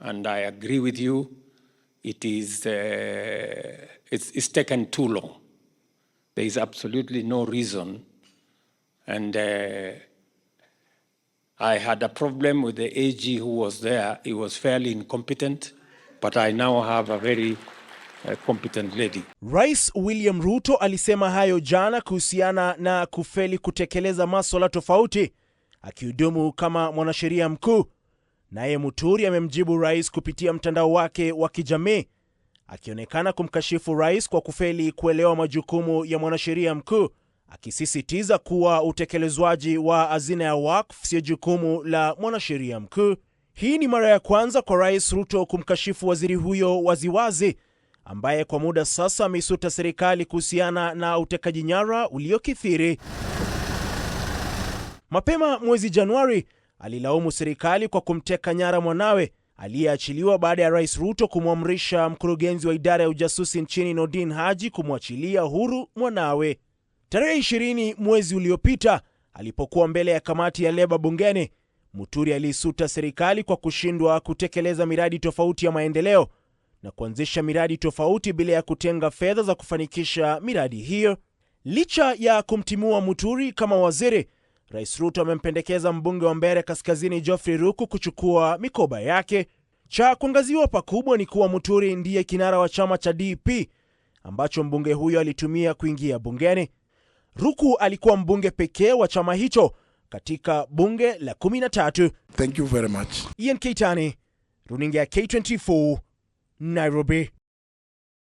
and I agree with you. It is uh, it's, it's taken too long. There is absolutely no reason, and uh, I had a problem with the AG who was there. He was fairly incompetent, but I now have a very A uh, competent lady. Rais William Ruto alisema hayo jana kuhusiana na kufeli kutekeleza masuala tofauti akihudumu kama mwanasheria mkuu Naye Muturi amemjibu rais kupitia mtandao wake wa kijamii akionekana kumkashifu rais kwa kufeli kuelewa majukumu ya mwanasheria mkuu, akisisitiza kuwa utekelezwaji wa hazina ya wakfu sio jukumu la mwanasheria mkuu. Hii ni mara ya kwanza kwa Rais Ruto kumkashifu waziri huyo waziwazi, ambaye kwa muda sasa ameisuta serikali kuhusiana na utekaji nyara uliokithiri. Mapema mwezi Januari, alilaumu serikali kwa kumteka nyara mwanawe aliyeachiliwa baada ya Rais Ruto kumwamrisha mkurugenzi wa idara ya ujasusi nchini Nordin Haji kumwachilia huru mwanawe. Tarehe ishirini mwezi uliopita, alipokuwa mbele ya kamati ya leba bungeni, Muturi aliisuta serikali kwa kushindwa kutekeleza miradi tofauti ya maendeleo na kuanzisha miradi tofauti bila ya kutenga fedha za kufanikisha miradi hiyo. Licha ya kumtimua Muturi kama waziri, Rais Ruto amempendekeza mbunge wa mbere Kaskazini jofrey Ruku kuchukua mikoba yake. Cha kuangaziwa pakubwa ni kuwa Muturi ndiye kinara wa chama cha DP ambacho mbunge huyo alitumia kuingia bungeni. Ruku alikuwa mbunge pekee wa chama hicho katika bunge la 13. Thank you very much. Ian Keitani, runinga ya K24, Nairobi.